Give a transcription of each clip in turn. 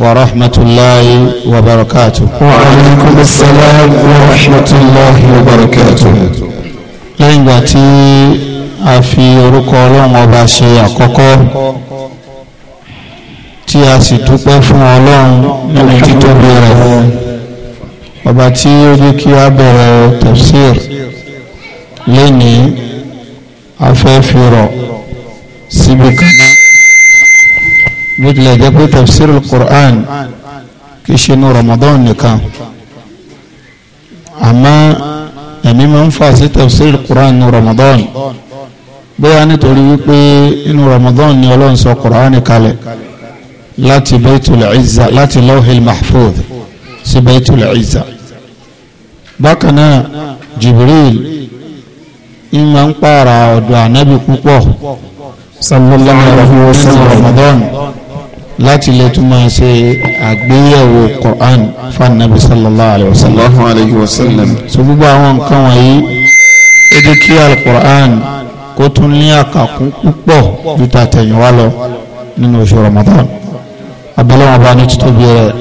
ورحمة الله وبركاته وعليكم السلام ورحمة الله وبركاته lẹ́yìn ìgbà tí a fi orúkọ ọlọ́run ọba ṣe àkọ́kọ́ tí a sì dúpẹ́ fún ọlọ́run níbi títóbi rẹ̀ ọba tí ó jẹ́ kí a bẹ̀rẹ̀ tafsir lẹ́ni a fẹ́ fi rọ̀ síbi kan náà bó tilẹ̀ jẹ́ pé tafsir al-Qur'an kì í ṣe ní Ramadan nìkan àmọ́ ẹ̀mí máa ń fà sí tafsir al-Qur'an ní Ramadan bóyá nítorí wípé inú Ramadan ni Ọlọ́run sọ Qur'an kalẹ̀ láti Baitul Izza láti Lawhil Mahfuz sí Baitul Izza bákan náà Jibril ìmọ̀ ń pààrà ọ̀dọ̀ ànábì púpọ̀ sallallahu alaihi wa sallam Ramadan láti lè tún máa ṣe àgbéyẹ̀wò Qur'an fún Nabi sallallahu alayhi wa sallam. alayhi wa sallam. so gbogbo àwọn nǹkan wọ̀nyí èdè kí al-Qur'an kó tún ní àkàkún púpọ̀ ju tàtẹ̀yìnwá lọ nínú oṣù Ramadan abẹ́lẹ́wọ̀n bá ní títóbi rẹ̀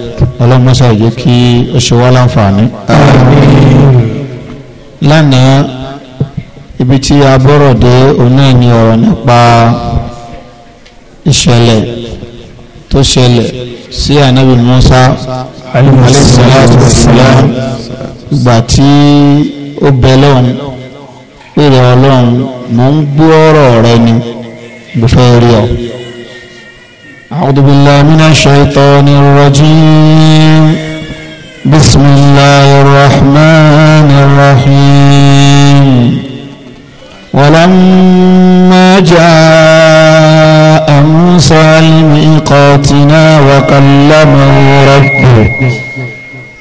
ọlọ́mọṣà yìí kí ó wá láǹfààní. lánàá ibi tí a dé òun náà ọ̀rọ̀ nípa ìṣẹ̀lẹ̀ tó ṣẹlẹ̀ sí ànábì Musa alayhi salatu wassalam ìgbà tí ó bẹ lọ́hùn pèrè ọlọ́run mò ń gbọ́ ọ̀rọ̀ rẹ ni mo fẹ́ rí ọ. A'udhu billahi minash shaitanir rajim bismillahir rahmanir rahim walamma jaa. موسى لميقاتنا وكلمه ربه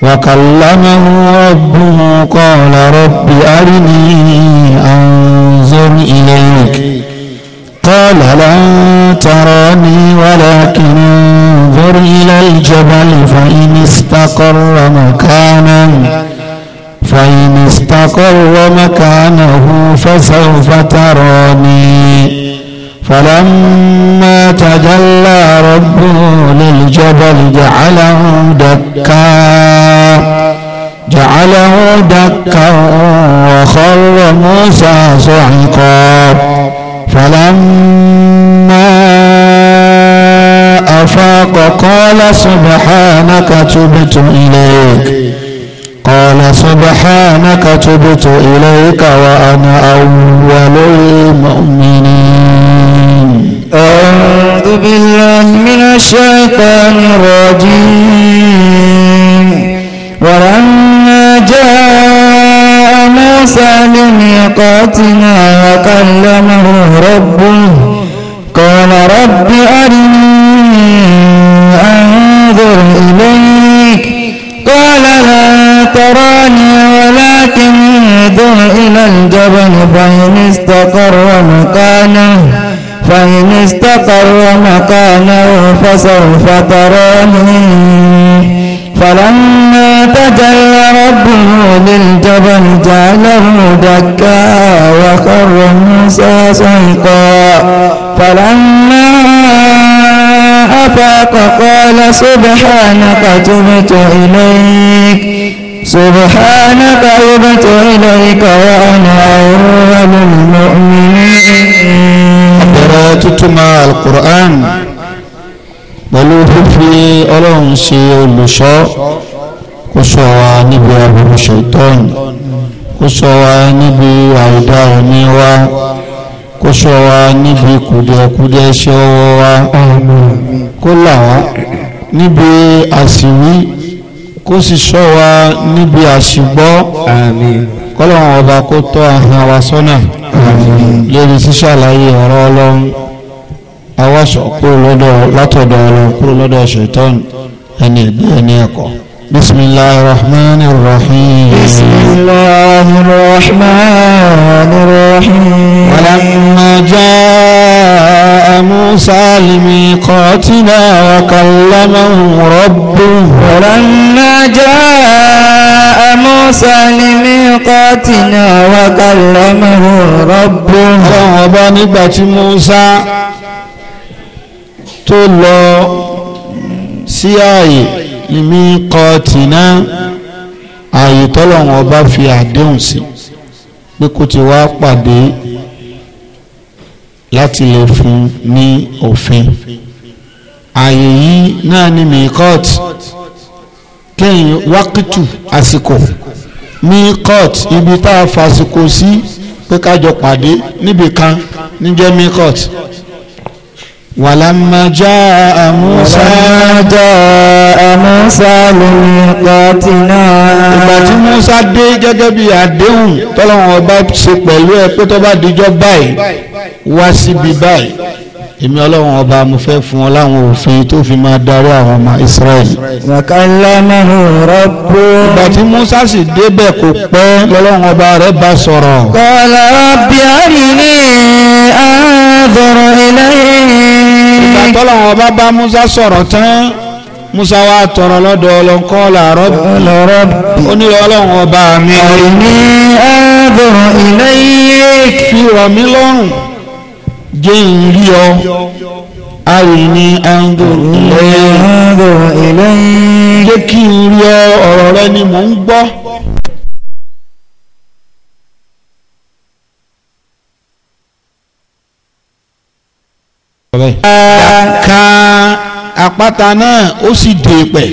وكلمه ربه قال رب أرني أنظر إليك قال لن تراني ولكن انظر إلى الجبل فإن استقر مكانه فإن استقر مكانه فسوف تراني فلما تجلى ربه للجبل جعله دكا جعله دكا وخر موسى صعقا فلما أفاق قال سبحانك تبت إليك قال سبحانك تبت إليك وأنا أول المؤمنين أعوذ بالله من الشيطان الرجيم ولما جاء موسى لميقاتنا وكلمه ربه قال رب أرني أنظر إليك قال لا تراني ولكن انظر إلى الجبل فإن استقر استقر مكانه فسوف تراني فلما تجلى ربه للجبل جعله دكا وخر موسى صيقا فلما أفاق قال سبحانك تبت إليك سبحانك أبت إليك وأنا أول المؤمنين قراءتما القرآن pẹ̀lú fífi ọlọ́run ṣe olùṣọ́ kó ṣọ́ wa níbi aburú ṣètọ́n kó ṣọ́ wa níbi àìdá ẹ̀mí wa kó ṣọ́ wa níbi kùdẹ̀kùdẹ̀ kó sì ṣọ́ wa níbi àṣìgbọ́ àmín kọ́lọ̀wọ̀n ọba kó tọ́ àhàn wa sọ́nà lórí ṣíṣàlàyé ọ̀rọ̀ ọlọ́run awáṣọ kúrò lọ́dọ̀ látọ̀dọ̀ ọlọ́run kúrò lọ́dọ̀ ṣètọ́n ẹni ẹ̀dẹ́ ẹni ẹ̀kọ́ bismillahir rahmanir rahim bismillahir rahmanir rahim walamma jaa جاء موسى لميقاتنا وكلمه ربه ولما جاء موسى لميقاتنا وكلمه ربه ọlọ́run ọba nígbà tí Musa tó lọ sí ààyè limiqatina ààyè tọ́lọ́run ọba fi àdéhùn sí pé kó ti wá pàdé láti lè fún ní òfin ààyè yìí náà ni mikot kéyìn wákìtù àsìkò mikot ibi tá a fàsìkò sí pé kájọ pàdé níbi kan níjẹ́ mikot wàlámà já àmúsá já lórí kọ́tì ìgbà tí Musa dé gẹ́gẹ́ bí àdéhùn tọ́lọ́wọ́n ọba ṣe pẹ̀lú ẹ pé tó bá dijọ́ báyìí wá síbi báyìí èmi ọlọ́run ọba mo fẹ́ fún ọ láwọn òfin tó fi máa darí àwọn ọmọ Israẹli. wàkàlámàhù rọ́bù. ìgbà tí Musa sì débẹ̀ kò pẹ́ lọ́lọ́run ọba rẹ̀ bá sọ̀rọ̀. kọ́lá bí a rí ilé. ìgbà tọ́lọ́run ọba bá Musa sọ̀rọ̀ tán musa wa tọrọ lọ́dọ̀ ọlọ́nkọ́ làárọ̀ ó ní ọlọ́run ọba mi. àìní ààbòrò ìlẹ́yẹ. fi rọ̀ mí lọ́rùn jẹ́ ìrí ọ àìní ààbòrò ìlẹ́yẹ. jẹ́ kí n rí ọ ọ̀rọ̀ rẹ ni mò ń gbọ́. ká àpáta náà ó sì dè pẹ̀.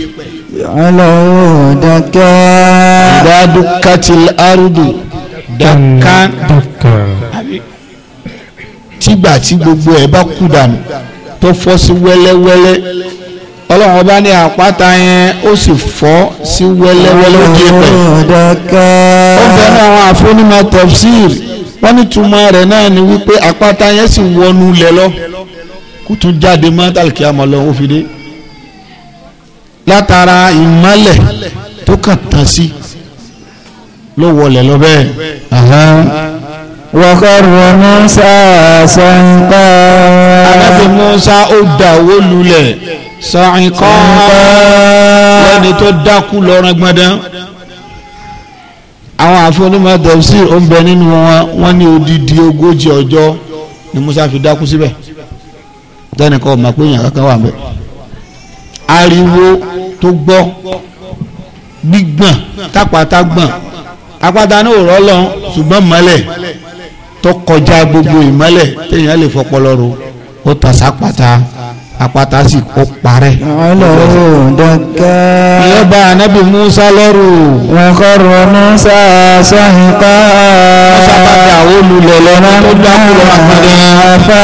ọlọ́wọ́ dákẹ́. ìdádú katil arudu dáká tígbà tí gbogbo ẹ̀ bá kú dànù tó fọ́ sí wẹ́lẹ́wẹ́lẹ́ ọlọ́run ọba ní àpáta yẹn ó sì fọ́ sí wẹ́lẹ́wẹ́lẹ́ ó dé pẹ̀. ó bẹ̀rẹ̀ àwọn àfonímọ̀ tafsir wọ́n ní túmọ̀ rẹ̀ náà ni wípé àpáta yẹn sì wọnú lẹ̀ lọ kó tún jáde mọ́ tàlùkì àmọ́ lọ́wọ́ fi dé látara ìmọ́lẹ̀ tó kàn tán sí ló wọlé lọ bẹ́ẹ̀. wọ́kọ̀rọ̀ musa sọ̀nkọ́. alábì musa ó dà owó lulẹ̀ sọ̀nkọ́ lẹ́ni tó dákú lọ́rùn gbọ́dán àwọn àfọlùmọ̀ tẹ̀sí ó ń bẹ nínú wọn wọ́n ní odidi ogójì ọjọ́ ni musa fi dákú síbẹ̀ dẹ́nìkan ò mọ̀ pé èèyàn kankan wà bẹ́ẹ̀ ariwo tó gbọ́ gbígbọ̀n tápátá gbọ̀n apáta náà rọ́ lọ ṣùgbọ́n mọ́lẹ̀ tó kọjá gbogbo ìmọ́lẹ̀ téèyàn lè fọpọlọ rò ó tàṣà pátá àpáta sì kó parẹ́. ọlọ́run dọ́kẹ́. ìyẹn bá anábì Musa lẹ́rù. wọn kọrọ Musa sọ́yìnká. Musa padà àwọn olùlẹ̀ lọ́nà tó dákúrò àpẹẹrẹ.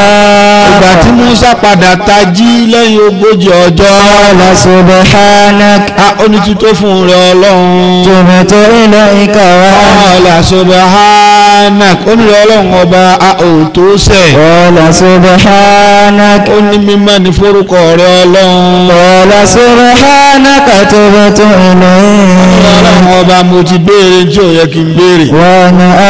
ìgbà tí Musa padà tají lẹ́yìn ogójì ọjọ́. ọlọ sọ̀rọ̀ hánák. a onítútó fún rẹ ọlọ́run. tòmẹ̀tò ilẹ̀ ìkà wá. ọlọ sọ̀rọ̀ hánák. onírẹ̀ ọlọ́run ọba a ò tó sẹ̀. ọlọ sọ̀rọ̀ hánák. ó ní mímọ́ ní f forúkọ rẹ ọlọ́run. ọ̀la sọ̀rọ̀ hánà kàtó bá tó ọ̀nà yìí. ọlọ́run ọba mo ti béèrè tí ò yẹ kí n béèrè. wọ́n á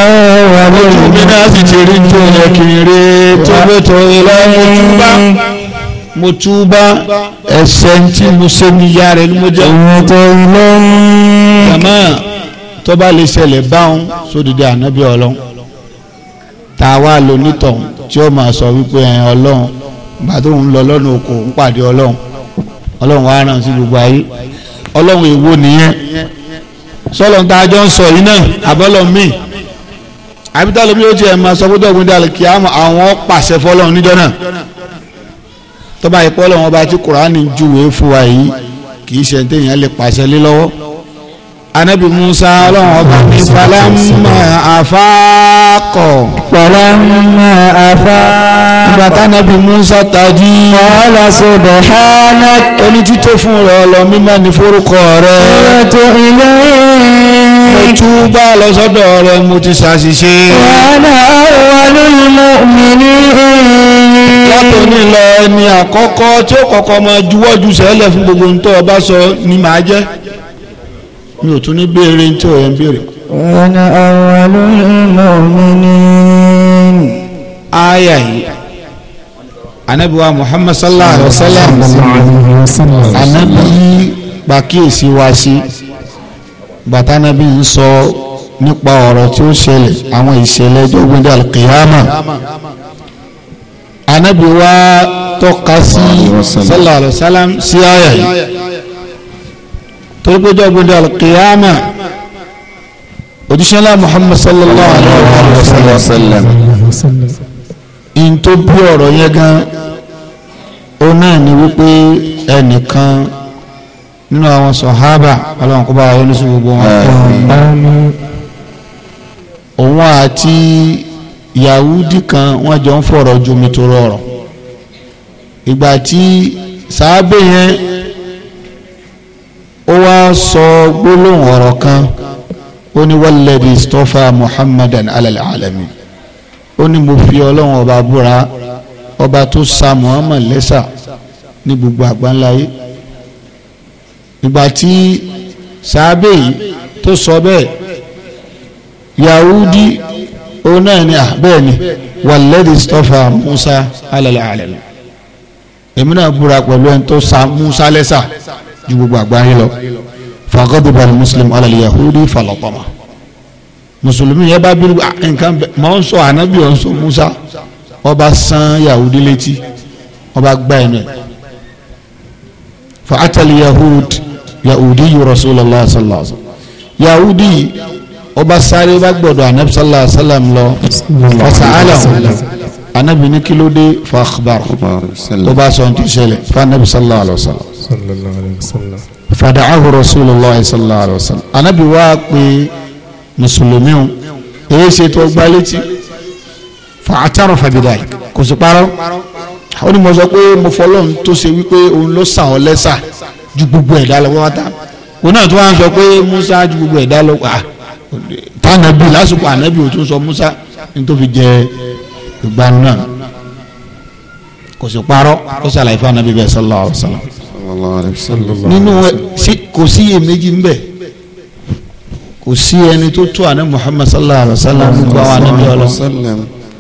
wà lórí. ojú mi náà sì ti rí tí ò yẹ kí n rí. tó bó tó ilé mo túbá mo túbá tí mo ṣe ní ìyá rẹ ni mo jẹ́. ìwọ̀n tó ilé ń. jàmá tó lè ṣẹlẹ̀ báwọn sódìdí ànábì ọlọ́run tá a wá tí ó máa sọ wípé ẹ̀ ọlọ́run bàtò ń lọ lọ́nà oko ń pàdé ọlọ́run ọlọ́run wa ràn sí gbogbo ayé ọlọ́run èwo nìyẹn sọlọ́n tá a jọ ń sọ yìí náà àbọ́lọ́ mi àbítá lómi ó tiẹ̀ máa sọ fún dọ̀gbìn dàlẹ́ kí àwọn pàṣẹ fọlọ́run níjọ́ náà tọ́ba ìpọ́lọ́run ọba tí kùránì júwèé fún wa yìí kì í ṣe téèyàn lè pàṣẹ lé lọ́wọ́ anabi musa ọlọ́run ọba ní falama afaakọ. falama afaakọ. nígbà tánabi musa tají. ọ̀la sọ̀dọ̀ hánà. ẹni títọ́ fún rẹ̀ ọ̀lọ́ mímọ́ ní forúkọ rẹ̀. ètò ilé. mo túbà lọ sọ́dọ̀ rẹ̀ mo ti ṣàṣìṣe. wàhálà awwalul mu'minin látòní lọ ẹni àkọ́kọ́ tí ó kọ́kọ́ máa juwọ́ ju sẹ́lẹ̀ fún gbogbo ntọ́ ọba sọ ni màá jẹ́ mi ò tún ní béèrè tí ò yẹ ń béèrè. ọ̀nà àwọn mu'minin. aya yìí anabiwa muhammad sallallahu alaihi wa sallam anabi pàkíyèsí wa sí bàtà anabi ń sọ nípa ọ̀rọ̀ tí ó ṣẹlẹ̀ àwọn ìṣẹ̀lẹ̀ ẹjọ́ gbẹ́dẹ́ alkiyama anabiwa tọ́ka sí sallallahu alaihi wa sallam sí aya yìí torí pé jọ́gbìn dàl kìyàmà òjíṣẹ́lá muhammad sallallahu alayhi wa sallam in tó bí ọ̀rọ̀ yẹn gan ó náà ni wípé ẹnìkan nínú àwọn sọ̀hábà ọlọ́run kó bá wa yọ́nú sí gbogbo wọn. òun àti yahudi kan wọ́n jọ ń fọ̀rọ̀ jomitoro ọ̀rọ̀ ìgbà tí sàábẹ̀ yẹn sọ gbólóhùn ọ̀rọ̀ kan ó ní walladhi istafa muhammadan alal alamin ó ní mo fi ọlọ́run ọba búra ọba tó sa muhammad lẹ́sà ní gbogbo àgbáńláyé ìgbà tí sàábẹ̀ yìí tó sọ bẹ́ẹ̀ yahudi òun náà ni ah, bẹ́ẹ̀ ni walladhi istafa musa alal alamin èmi náà búra pẹ̀lú ẹni tó sa musa lẹ́sà ju gbogbo àgbáyé lọ fagọ́dùbà ní muslim alàlẹ́ yahudi falatọ́mà mùsùlùmí yẹn bá bínú nǹkan bẹ mọ ń sọ ànábì ọ̀ ń sọ musa ọba san yahudi létí ọba gbá ẹnu ẹ fa atali yahud yahudi yi rasulallah sallallahu alaihi wa sallam yahudi ọba sáré bá gbọ́dọ̀ anabi sallallahu alaihi wa sallam lọ ọsàn alam anabi ní kí ló dé fàkbàr tó bá sọ ti ṣẹlẹ̀ fanabi sallallahu alayhi wa sallam fadàáhu rasulillah sallallahu alayhi wa sallam anabi wá pé mùsùlùmí o èyí ṣe tó gbá létí fàtàrọ fàbídà kò sí parọ́ ó ní mo sọ pé mo fọlọ́n tó ṣe wípé òun ló sàn ọ́ lẹ́sà ju gbogbo ẹ̀dá lọ wọ́n ta òun náà tó wá ń sọ musa ju gbogbo ẹ̀dá lọ ah, tànàbí lásìkò ànábì ò tún sọ musa ní tó fi jẹ gbogbo àwọn náà kò sí parọ́ ó ṣàlàyé fún anabi bẹ́ẹ̀ sallallahu alaihi wasallam nínú kò sí iye méjì ń bẹ kò sí ẹni tó tó àná muhammad sallallahu alaihi wasallam gbogbo àwọn anabi ọlọ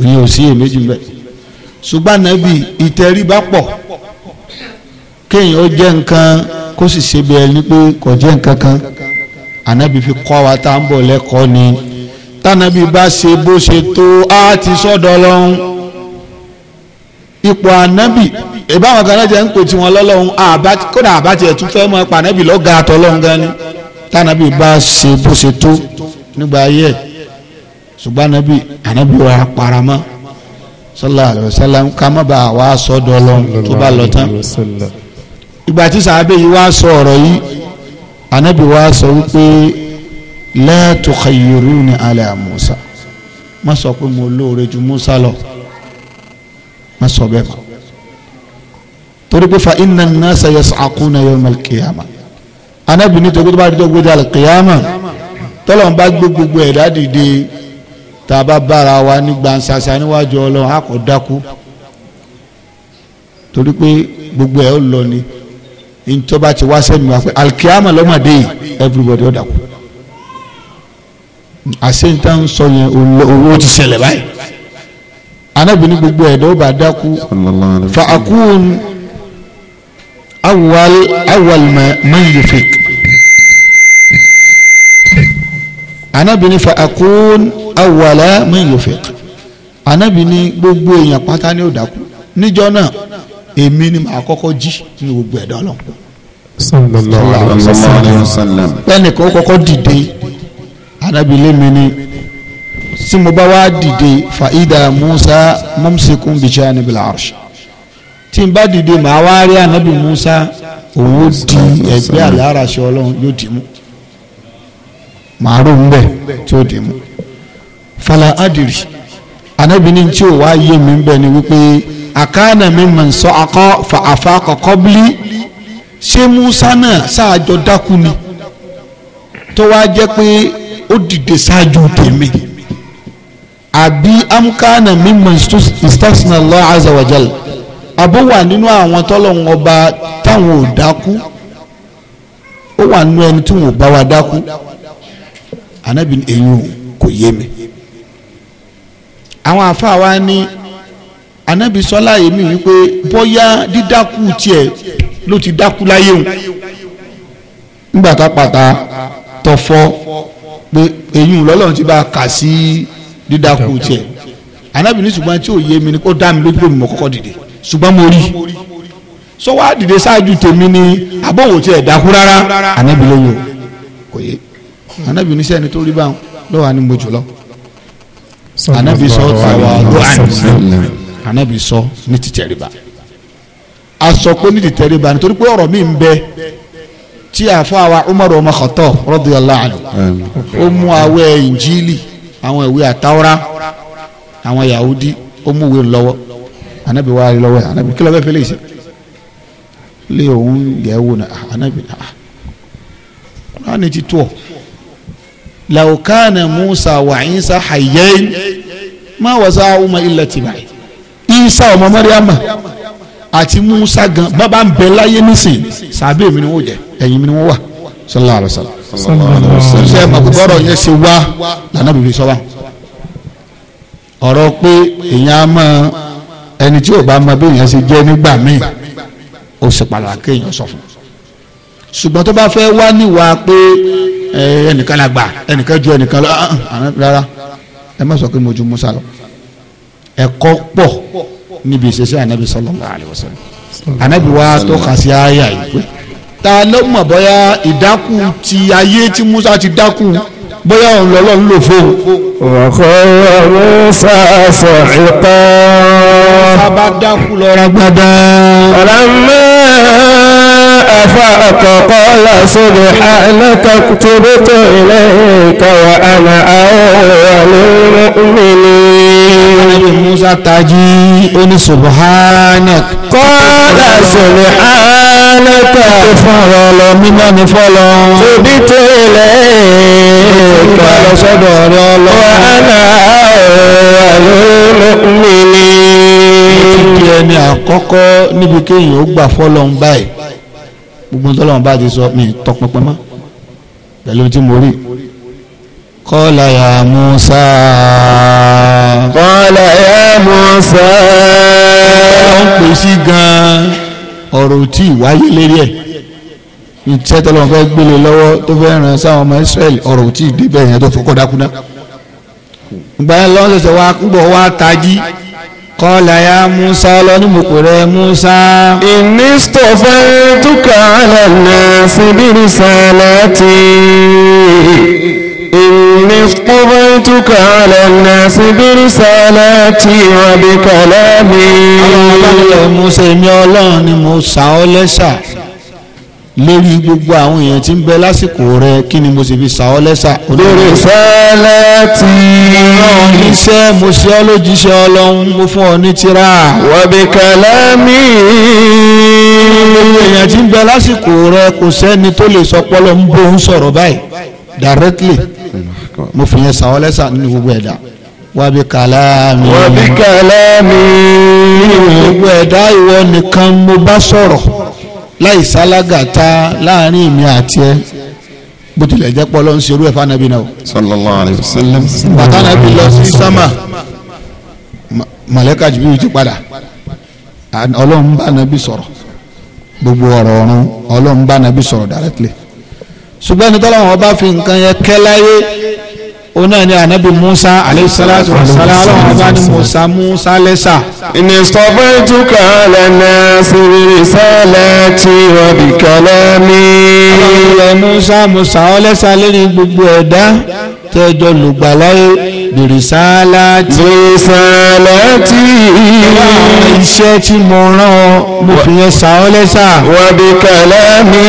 òye ò sí iye méjì ń bẹ ṣùgbọ́n anabi ìtẹríba pọ̀ kéèyàn ó jẹ́ nǹkan kó sì ṣe bí ẹni pé kò jẹ́ nǹkan kan anabi fi kọ́ wa tá à ń bọ̀ lẹ́kọ̀ọ́ ni tánàbí bá ṣe bó ṣe tó a ti sọ́dọ̀ lọ́hún ipò ànábì ìbáwọn kan lẹ́jẹ̀ ń pè tí wọ́n lọ́lọ́hún kódà àbátì ẹ̀ tún fẹ́ mọ́ ẹ̀pà ànábì lọ́gàá àtọ́lọ́hún gan ni tánàbí bá ṣe bó ṣe tó nígbà ayé ẹ̀ ṣùgbọ́n ànábì ànábì wa paramọ́ sallallahu alaihi wasallam ká má bàa wá sọ́dọ̀ lọ́hún tó bá lọ tán ìgbà tí sàábẹ̀ yìí wá sọ ọ̀rọ̀ yìí ànábì wa sọ wípé la tukhayyiruni ala Musa má sọ pé mo lóore ju Musa lọ má sọ bẹ́ẹ̀ ma torí pé fa inna an-nasa yas'aquna yawm al-qiyamah anábì nítorí tó bá dé gbé dé al-qiyamah tọ́lọ̀ ń bá gbé gbogbo ẹ̀dá dìde tá a bá bára wa ní gbansasa níwájú ọlọ́run a kò dákú torí pé gbogbo ẹ̀ ó lọ ni ntọ́ba ti wá sẹ́mi wá pé al-qiyamah lọ́mọdé everybody ó dákú àṣetá ń sọ yẹn owó ti ṣẹlẹ̀ báyìí anábì ní gbogbo ẹ̀dá ó bá dákú fa akun awal awal man yufik anábì ní fa akun awala man yufik anábì ní gbogbo èèyàn pátá ni ó dákú níjọ́ náà èmi ni màá kọ́kọ́ jí ní gbogbo ẹ̀dá ọlọ́run. sallallahu alayhi wa sallam. bẹ́ẹ̀ ni kò dìde anabi lémi ni tí mo bá wá dìde fàídà musa mọ́mùsíkún bìjá níbi làárọ̀ṣà tí n bá dìde màá wá rí anabi musa òun ó di ẹgbẹ́ àlàáràṣẹ ọlọ́run yóò dì mú màá rò ń bẹ̀ tí ó dì mú fala adìrì anabi ní tí ò wá yé mi ń ni wípé àkáànà mi mọ̀ ń sọ akọ́ fà àfa kọ̀kọ́ ṣé musa náà ṣáàjọ dákú ni tó wá jẹ́ pé ó dìde ṣáájú tèmi àbí amkana mímọ istasna Allah azza wa jal àbó wà nínú àwọn tọ́lọ́hún ọba táwọn ò dákú ó wà nínú ẹni tí wọn ò bá wa dákú anabi eyín kò yé mi àwọn àfáà wa ní anabi sọlá yìí mi wípé bóyá dídákú tiẹ̀ ló ti dákú láyé òun nígbà tá pàtà tọfọ pé eyín lọ́lọ́run ti bá a kà sí dídàkú tiẹ̀ anábìíní ṣùgbọ́n tí ò yé mi ni kó dá mi lójú pé mo kọ́kọ́ dìde ṣùgbọ́n mo rí sọ wá dìde ṣáájú tèmi ni abóhùn tiẹ̀ dákú rárá anábìíní yìí kò yé anábìíní sẹ́ni tó rí báwọn lọ́wọ́ Ni ní mo jù lọ anabi sọ tawadu'an anabi sọ ní títẹríba a sọ pé ní títẹríba nítorí pé ọ̀rọ̀ mi ń bẹ tí àfa wa Umar ọmọ Khattab radiyallahu anhu ó mú awẹ́ Injili àwọn ìwé àtàwọ́rá àwọn Yahudi ó mú ìwé lọ́wọ́ anabi wa lọ́wọ́ yẹn anabi kí ló fẹ́ fẹ́lẹ́ yìí lé òun yẹ wò ní anabi náà ah, ah, ah. kúránì ti tó ọ law kana Musa wa Isa hayyayn ma wasa uma illa tibai Isa ọmọ Mariama àti musa gan bàbá ń bẹ láyé nísìn sàbẹ mi ni wọn jẹ ẹyin mi ni wọn wà sallallahu alaihi wasallam. ṣe mọ̀kúbọ̀rọ̀ yẹn ṣe wá lànà bìbí sọ́wọ́ ọ̀rọ̀ pé èèyàn á mọ ẹni tí ò bá mọ bí èèyàn ṣe jẹ́ nígbà míì ó sì padà kéèyàn sọ fún un ṣùgbọ́n tó bá fẹ́ wá níwà pé ẹnìkan la gbà ẹnìkan ju ẹnìkan lọ ah, ah, rárá ẹ má sọ pé mo ju musa lọ ẹ̀kọ́ pọ̀ níbi ìṣesí anabi sallallahu alayhi wa sallam anabi wa tó kà sí àyà yìí pé ta ló mọ̀ bóyá ìdákù ti ayé tí Musa ti dákù bóyá òun lọ́lọ́run lò fún. ọ̀kọ́ Musa sa'iqa. sábà dákù lọ́ra gbàdá. ọ̀rẹ́ mẹ́rin. أفاق قال سبحانك تبت إليك وأنا أول المؤمنين موسى تاجي أني سبحانك قال سبحانك فضل من فضل تبت إليك وأنا أول المؤمنين ẹni àkọ́kọ́ níbi kéèyàn ó gbà fọ́lọ́n báyìí gbogbo tọ́lọ́wọ́n bá ti sọ mi tọpinpin mọ́ pẹ̀lú tí mo rí kọ́lá ya Musa kọ́lá ya Musa wọ́n pè sí gan-an ọ̀rọ̀ tí ìwáyé lérí ẹ̀ iṣẹ́ tọ́lọ́wọ́n fẹ́ gbélé lọ́wọ́ tó fẹ́ ràn sáwọn ọmọ Israẹli ọ̀rọ̀ tí ìdíbẹ̀ yẹn tó fọkọ̀ dákúná gbàyẹn lọ́wọ́ ṣẹ̀ṣẹ̀ wá tají kọ́lá ya musa ọlọ́ni mo pè rẹ musa. ìní stọfẹ́ túkà àlànà síbírì sàlátì. إني اصطفيتك على الناس برسالاتي وبكلامي. Ọlọ́run bá ní ẹ̀ Musa èmi ọlọ́run ni mo sà lérí gbogbo àwọn èèyàn tí ń bẹ lásìkò rẹ kí ni mo sì fi sà ọ́ lẹ́sà. lórí ìfẹ́lẹ́ tí. ọlọ́run níṣẹ́ mo ṣe ọ́ lójíṣẹ́ ọlọ́run mo fún ọ ní tírà. wọ́bi kẹlẹ́ mi. gbogbo èèyàn tí ń bẹ lásìkò rẹ kò sẹ́ni tó lè sọ pọ́lọ́ ń bó ń sọ̀rọ̀ báyìí directly mo fi yẹn sà ọ́ lẹ́sà nínú gbogbo ẹ̀dá wàbí kàlámì. wàbí kàlámì. gbogbo ẹ̀dá ìwọ nìkan mo bá sọ̀rọ̀ láì sálágàta láàrin mi àti ẹ bó tilẹ̀ jẹ́ pọ́ ló ń ṣerú ẹ̀ fànàbí náà. sallallahu alayhi wa sallam. bàtà nàbí lọ sí sámà màlẹ́kà jùlọ ti padà ọlọ́run bá nàbí sọ̀rọ̀ gbogbo ọ̀rọ̀ ọ̀run ọlọ́run nàbí sọ̀rọ̀ directly. ṣùgbọ́n ní tọ́lá wọn bá fi nǹkan yẹn kẹ́ láyé ona ni anabi musa aleyhisalatu wasala alahu ọba ni musa musa lẹsa. ìnìsọ̀fẹ́ túkà lẹ́nà sírí sálẹ̀ tí wọ́n bí kẹlẹ́ mi. ọlọ́run ilẹ̀ musa musa ọlẹ́sà lẹ́ni gbogbo ẹ̀dá tẹ́jọ́ lùgbàláyé bìrìsálátì bìrìsálátì ìwà iṣẹ́ tí mo rán ọ mo fi yẹn sà ọ́ lẹ́sà wàbí kàlámì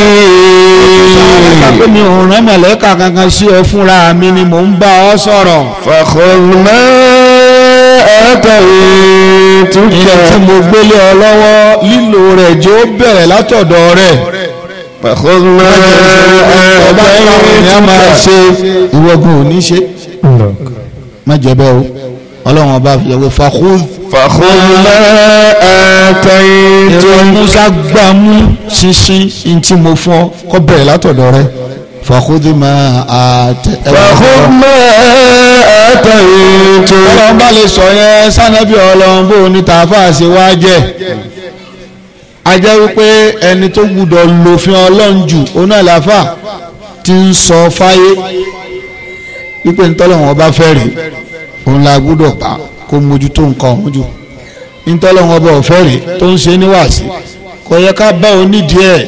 pé mi ò rán mọ̀lẹ́kà kankan sí ọ fúnra mi ni mò ń bá ọ sọ̀rọ̀ fàkọ̀rùmẹ́ ẹ̀ẹ́dẹ̀ẹ́ tún kẹ́ tí mo gbélé ọ lọ́wọ́ lílo rẹ̀ jẹ́ bẹ̀rẹ̀ látọ̀dọ̀ rẹ̀ fàkọ̀rùmẹ́ ẹ̀ẹ́dẹ̀ẹ́ tún kẹ́ ẹ̀ ìwọ̀gùn ò ní ṣe má jẹ bẹ́ẹ̀ o ọlọ́run ọba fi ẹ̀wẹ̀ fàkún. fàkún lẹ́ ẹ̀ẹ́tẹ̀yìn tó. èrò musa gbà mú ṣinṣin ní tí mo fún ọ kó bẹ̀rẹ̀ látọ̀dọ̀ rẹ fàkún ma àtẹ. fàkún ma ẹ̀ẹ́tẹ̀yìn tó. ọlọ́run bá lè sọ yẹn sanabi ọlọ́run bó ní tààfà ṣe wá jẹ́ a jẹ́ wípé ẹni tó gbúdọ̀ lòfin ọlọ́run jù onáàláfà ti ń sọ fáyé wípé ntọ́lọ́wọ́n ọba fẹ́rẹ̀ òun la gbúdọ̀ pa kó mójútó nǹkan ọ̀hún jù ntọ́lọ́wọ́n ọba ọ̀fẹ́rẹ̀ tó ń ṣe níwàásí kò yẹ ká bá onídìí ẹ̀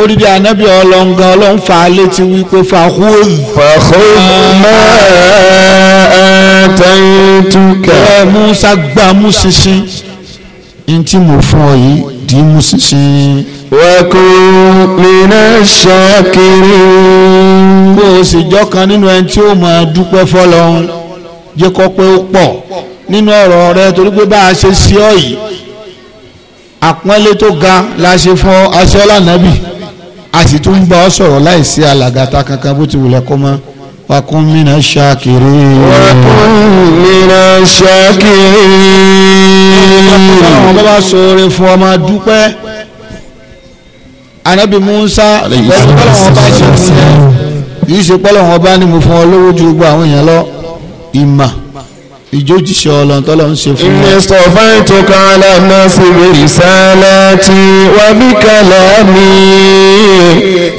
ó anábì ọlọ́ngàn ọlọ́run létí wípé fàkúrò. fàkúrò máa tẹ́yìntú kẹ́. ẹ musa gbá mú ntí mo fún ọ yìí dì í mú وكن من الشاكرين kó o sì jọ́kan nínú ẹni tí ó máa dúpẹ́ fọ́lọ́run jẹ́ kó pé ó pọ̀ nínú ọ̀rọ̀ rẹ torí pé bá a ṣe sí ọ yìí àpọ́nlé tó ga la ṣe fún aṣọ́lá nábì a sì tún bá ọ sọ̀rọ̀ láìsí alàgàtà kankan bó ti wùlẹ̀ kó mọ́ wakun mina ṣakirin. wakun mina ṣakirin. ọlọ́run bá bá fún ọ máa dúpẹ́ anabi musa pẹ̀lú pẹ̀lú àwọn ọba ṣe fún yẹn yìí ṣe pẹ̀lú àwọn ọba ni mo fún ọ lówó ju gbogbo àwọn èèyàn lọ ìmọ̀ ìjójúṣe ọlọ́ntọ́lọ́ ń ṣe fún mi. ìsọ̀fà ìtòkà aláàmà sí mèrì sáálá tí wà bí kàlà mi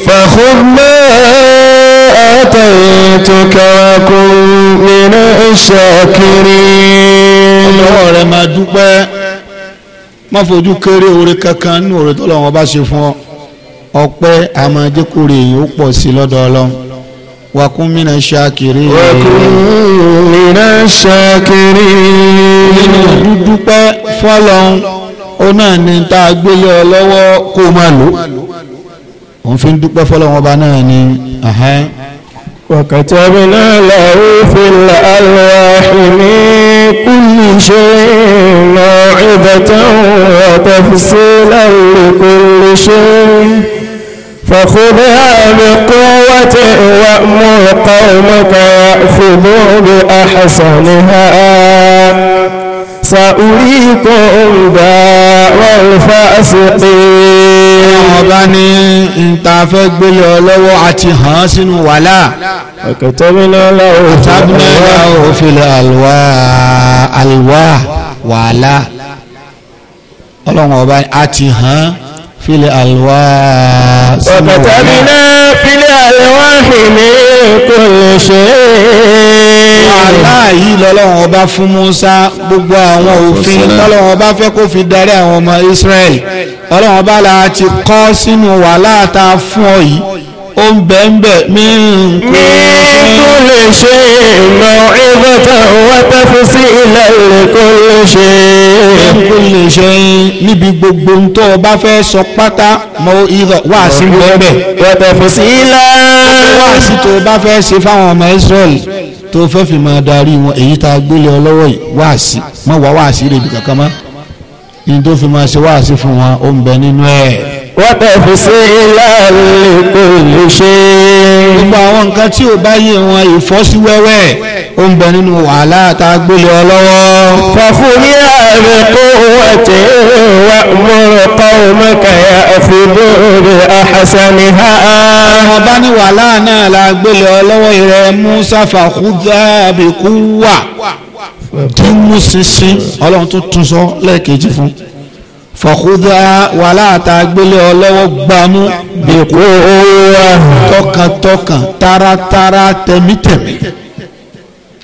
fàkúnmọ́ àtà ìtòkà kò nínú iṣẹ́ kiri. ọlọ́wọ́ rẹ̀ máa dúpẹ́ má fojú kéré oore kankan nínú oore tọ́lọ́wọ́n bá ṣe fún ọ ọpẹ́ àmàjẹkùrẹ yìí ó pọ̀ sí lọ́dọ̀ Ọlọ́run wakun mina ṣakiri. wakun mina ṣakiri. nínú dúdúpẹ́ fọlọ́n ó náà tá a gbélé ọ lọ́wọ́ kó o máa lò òun fi ń dúpẹ́ fọlọ́n ọba náà ni. وكتبنا له في الألواح من كل شيء موعظة وتفصيلا لكل شيء فخذها بقوة وأمر قومك يأخذوا بأحسنها سأريكم دار الفاسقين ọba ní ìta fẹ́ gbélé ọlọ́wọ́ àti hàn sínú wàhálà ọ̀kẹ̀tẹ́mínálà òfìlẹ̀ àlùwà àlùwà wàhálà ọlọ́run ọba àti hàn fílẹ̀ àlùwà sínúwà fílẹ̀ àlùwà ìlẹ̀ kò lè ṣe aláàyí lọ́lọ́run ọba fún Musa gbogbo àwọn òfin lọ́lọ́run ọba fẹ́ kó fi darí àwọn ọmọ Israel ọlọ́run ọba la kọ́ sínú wàhálà ta fún ọ yìí ó ń bẹ̀ ń bẹ̀ mí kú lè ṣe lọ ìbọ̀tà wọ́tà fún sí ilẹ̀ kó lè ṣe kó lè ṣe níbi gbogbo ń tó o bá fẹ́ sọ pátá mọ ìrọ̀ wá sí bẹ́ẹ̀ wọ́tà fún sí ilẹ̀ wá sí tó o bá fẹ́ ṣe fáwọn ọmọ Israẹli tó fẹ́ fi máa darí wọn èyí tá a gbélé ọ lọ́wọ́ yìí wá sí mọ wá wá sí rèébi kankan mọ́ ní tó fi máa ṣe wá sí fún wọn ó ń bẹ nínú ẹ̀ wọ́tẹ̀fẹ̀sílá lè kò lè ṣe. gbogbo àwọn nǹkan tí ò bá yé wọn ìfọ́síwẹ́wẹ́ ó ń bẹ nínú wàhálà tá a gbélé ọ lọ́wọ́. fàfúrí ààrẹ kó wọ́n tẹ̀ wá múrò kọ́wọ́ mẹ́kàyà àfibóore àhásánì ha. àwọn bá ní wàhálà náà la gbélé ọ lọ́wọ́ rẹ̀ musa fàkúdà bìkú wà kí mú sinsin ọlọ́run tó tún sọ lẹ́ẹ̀kejì fún un fọ̀kúdá wà láàta gbélé ọlọ́wọ́ gbámú bèkó tọkàntọkàn tárátárá tẹ̀mítẹ̀mí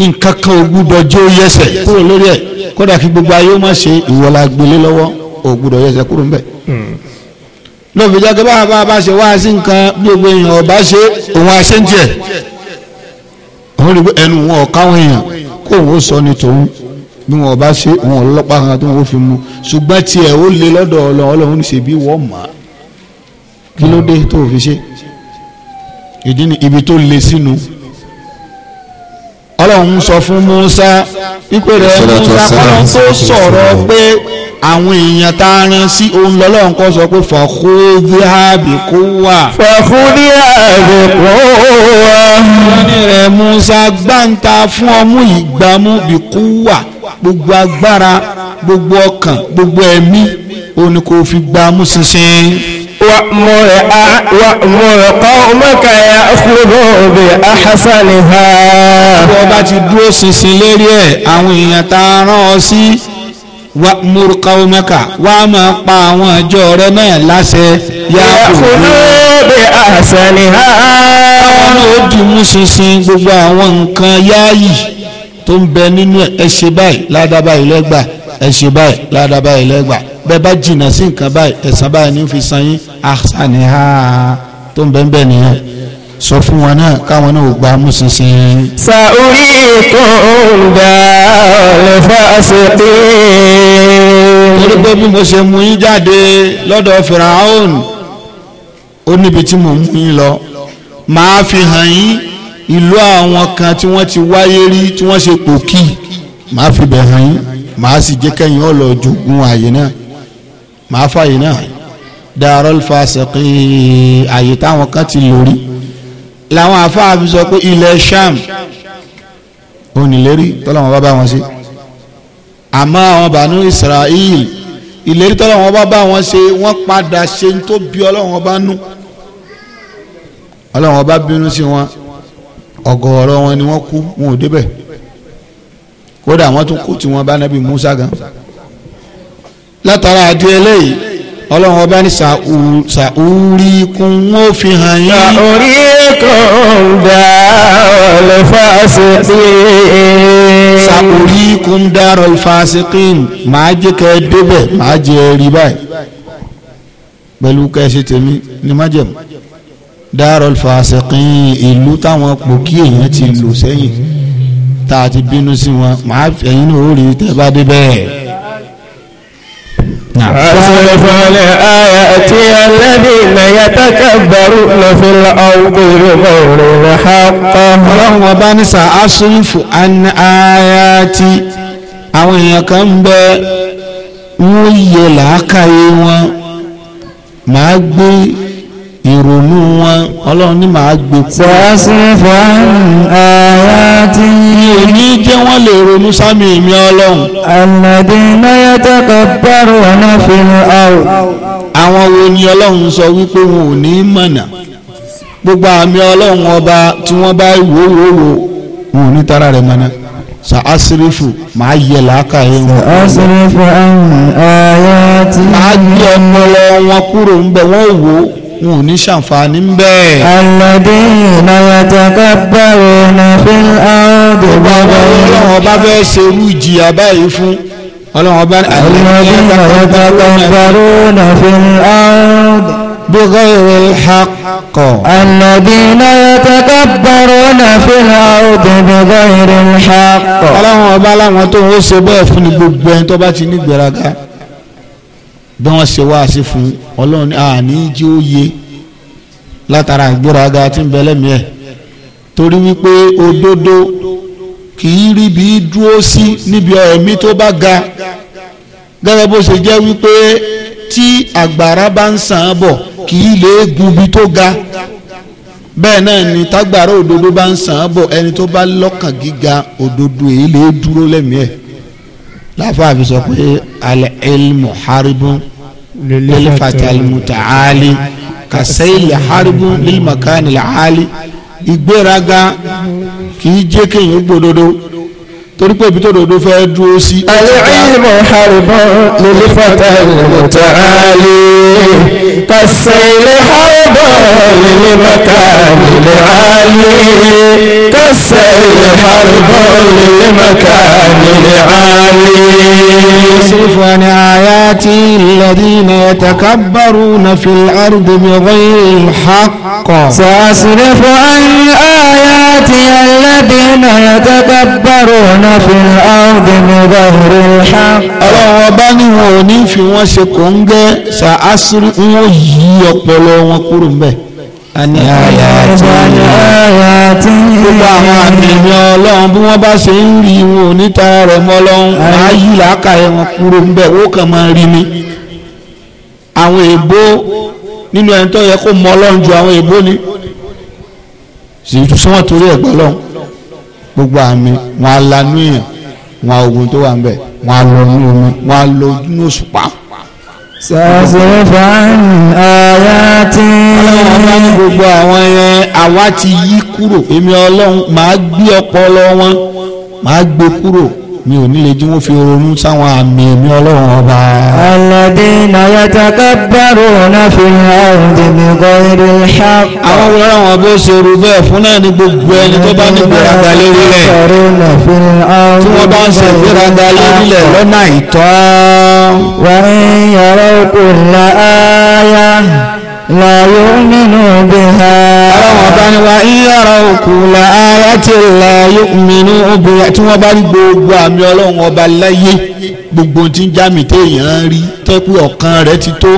nǹkan kan ò gbúdọ̀ jẹ́ ó yẹsẹ̀ kúrò lórí ẹ̀ kódà kí gbogbo ayé ó má ṣe ìwọlá gbélé lọ́wọ́ ò gbúdọ̀ yẹsẹ̀ kúrò ń bẹ̀. Hmm. lóòfin jẹ́ gbọ́dọ̀ bá a bá ṣe wá sí nǹkan gbogbo èèyàn ọ̀bá ṣe òun àṣẹ ń jẹ́ òun rí ẹnu wọn ọ̀káwọn èèyàn kóun ó sọ ní tòun bí wọn bá ṣe wọn ọlọ́pàá kan tí wọn fi mú ṣùgbọ́n tiẹ̀ ó lé lọ́dọ̀ ọlọ́run ọlọ́run ṣe bí wọ́n mọ̀ á kí ló dé tó fi ṣe ìdí ni ibi tó le sínú ọlọ́run sọ fún Musa wípé rẹ Musa kọ́lọ́n tó sọ̀rọ̀ pé àwọn èèyàn tá a rán sí òun lọ́lọ́run kọ́ sọ pé fàkúndíhà bí kò wà. fàkúndíhà bí kò wà. wọ́n rẹ̀ Musa gbáǹta fún ọmú ìgbàmú bí kò wà gbogbo agbára gbogbo ọkàn gbogbo ẹ̀mí òun ni kò fi gba amúsinsin. wa'mur qawmaka ya'khudhu bi ahsaniha. bí wọ́n bá ti dúró ṣinṣin lérí ẹ̀ àwọn èèyàn tá a rán ọ sí wa'mur qawmaka wà á máa pa àwọn ìjọ rẹ náà láṣẹ ya'khudhu bi ahsaniha. àwọn náà ó mú ṣinṣin gbogbo àwọn nǹkan yáàyì tó ń bẹ nínú ẹ ṣe báyìí ládàá báyìí lẹ́gbà ẹ ṣe báyìí ládàá báyìí lẹ́gbà bẹ́ẹ̀ bá jìnnà sí nǹkan báyìí ẹ̀san báyìí ní fi san yín àṣàní ha tó ń bẹ ń bẹ nìyẹn sọ fún wọn náà káwọn náà ò gba mú ṣinṣin. sàúrì kò ń gbà lè fà ṣèpè. torí pé bí mo ṣe mú yín jáde lọ́dọ̀ fìràhùn ó níbi tí mo mú yín lọ màá fi hàn yín ìlú àwọn kan tí wọ́n ti wáyé rí tí wọ́n ṣe pòkì màá fi bẹ̀ hàn yín màá sì jẹ́ kẹ́yìn ọ̀lọ́ jogun àyè náà màá fàyè náà darul fasiqin àyè táwọn kan ti lórí làwọn àfáà fi sọ pé ilẹ̀ sham onílérí tọ́lọ́wọ́n bá bá wọn ṣe àmọ́ àwọn bànú israel ìlérí tọ́lọ́wọ́n bá bá wọn ṣe wọ́n padà ṣe tó bí ọlọ́wọ́n bá nú ọlọ́wọ́n bá bínú sí wọn ọ̀gọ̀ọ̀rọ̀ wọn ni wọ́n kú wọn ò débẹ̀ kódà wọ́n tún kú tí wọ́n bá nábì Musa gan látara adé eléyìí ọlọ́run ọba ní sàúrí kún wọ́n fi hàn yín. sàúrí kún dá ọlọ́fàṣẹ́kìn. sàúrí kún dá ọlọ́fàṣẹ́kìn màá jẹ́ kẹ́ ẹ débẹ̀ màá jẹ́ ẹ rí báyìí pẹ̀lú kẹ́ ẹ ṣe tèmi ní májẹ̀mú dárò fàṣẹkìn ìlú táwọn pòkí èèyàn ti lò sẹ́yìn tá a ti bínú sí wọn màá ẹ̀yin náà ó rí tẹ́ bá dé bẹ́ẹ̀. فسوف يأتي الذين يتكبرون في الأرض بغير الحق ọlọ́run ọba ní sa asúnfù anáyàtì àwọn èèyàn kan ń bẹ wọ́n yẹ làákàyè wọn màá gbé ìrònú wọn ọlọ́run ní màá gbé kú. sàásìfà àyà tí. mi ò ní jẹ́ wọ́n lè ronú sámi mi ọlọ́run. àmàdé náyà tẹ́kọ̀ bẹ́rù ọ̀nà fún àwọ̀. àwọn wo ni ọlọ́run sọ wípé wọn ò ní mọ̀nà gbogbo àmì ọlọ́run ọba tí wọ́n bá wò wò wò wọn ní tara rẹ̀ mọ̀nà sàásìrìfù màá yẹ làákà yẹn wọn. sàásìrìfù àyà tí. màá gbé ọpọlọ wọn kúrò ń bẹ wọn wò ó wọn ò ní ṣàǹfààní ń bẹ́ẹ̀. alladhina yatakabbaruna fil ardi gbọ́dọ̀. ọlọ́run ọba fẹ́ ṣe irú ìjìyà báyìí fún ọlọ́run ọba. alladhina yatakabbaruna fil ardi. بغير الحق الذين يتكبرون في الأرض بغير الحق ọlọ́run ọba aláwọn tó ń ṣe bẹ́ẹ̀ fún ni gbogbo ẹni tó bá ti ní gbéraga bí wọ́n ṣe wá sí fún ọlọ́run àní jí ó yé látara ìgbéraga tí ń bẹ lẹ́mìí ẹ̀ torí wípé òdodo kì í rí bí dúró sí níbi ẹ̀mí tó bá ga gẹ́gẹ́ bó ṣe jẹ́ wípé tí àgbàrá bá ń sàn án bọ̀ kì í lè gun tó ga bẹ́ẹ̀ náà ni tágbàrá òdodo bá ń sàn án bọ̀ ẹni tó bá lọ́kàn gíga òdodo èyí lè dúró lẹ́mìí ẹ̀ láfa fi sọ pé al-ilmu haribun lil-fatal muta'ali kasayli haribun lil-makanil ali ìgbéraga kì í jẹ́ kéèyàn gbòdodo. تريكو بيتو دو في العلم حرب للفتى المتعالي كالسيل حرب للمكان العالي كالسيل حرب للمكان العالي يصرف عن آياتي الذين يتكبرون في الأرض بغير الحق سأصرف عن آياتي الذين يتكبرون في الأرض بظهر الحق ọlọ́run ọba ní wọn ò ní fi wọ́n ṣe kòńgẹ́ ṣàásùrù ń wọ́n yí ọpọlọ wọn kúrò ńbẹ̀. àní àyà tí gbogbo àwọn àmì ìyàn ọlọ́run bí wọ́n bá ṣe ń rí wọn ò ní tara rẹ̀ mọ́ ọlọ́run á yí làákàyè wọn kúrò ńbẹ̀ ó kàn máa rí ni. àwọn èèbó nínú ẹni tó yẹ kó mọ ọlọ́run ju àwọn èèbó ni sì tún sọ́wọ́n torí ẹ̀gbọ́n lọ́hùn gbogbo àmì wọn á lanú èèyàn wọn á ogun tó wà ń wọn lọ inú omi wọn á lọ inú òṣùpá. sàṣẹ̀fà àyà tí. ọlọ́run bá ní gbogbo àwọn yẹn àwa ti yí kúrò èmi ọlọ́run màá gbé ọpọlọ wọn màá gbé kúrò mi ò ní lè jí wọ́n fi ronú sáwọn àmì ẹ̀mí ọlọ́run ọba. alladina yatakabbaruna fil ardi bighayri haqq. àwọn olùrànlọ́wọ́ àwọn ọba ó ṣe rú bẹ́ẹ̀ fún náà ní gbogbo ẹni tó bá ní gbéraga lérí rẹ̀ tí wọ́n bá ń ṣe gbéraga lérí rẹ̀ lọ́nà ìtọ́. wa in yaraw kulla لا يؤمنوا بها رمضان وإيروا كل آية لا يؤمنوا بها tí wọ́n bá rí gbogbo àmì ọlọ́run ọba láyé gbogbo tí ń jámì téèyàn rí tẹ́kù ọ̀kan rẹ̀ ti tó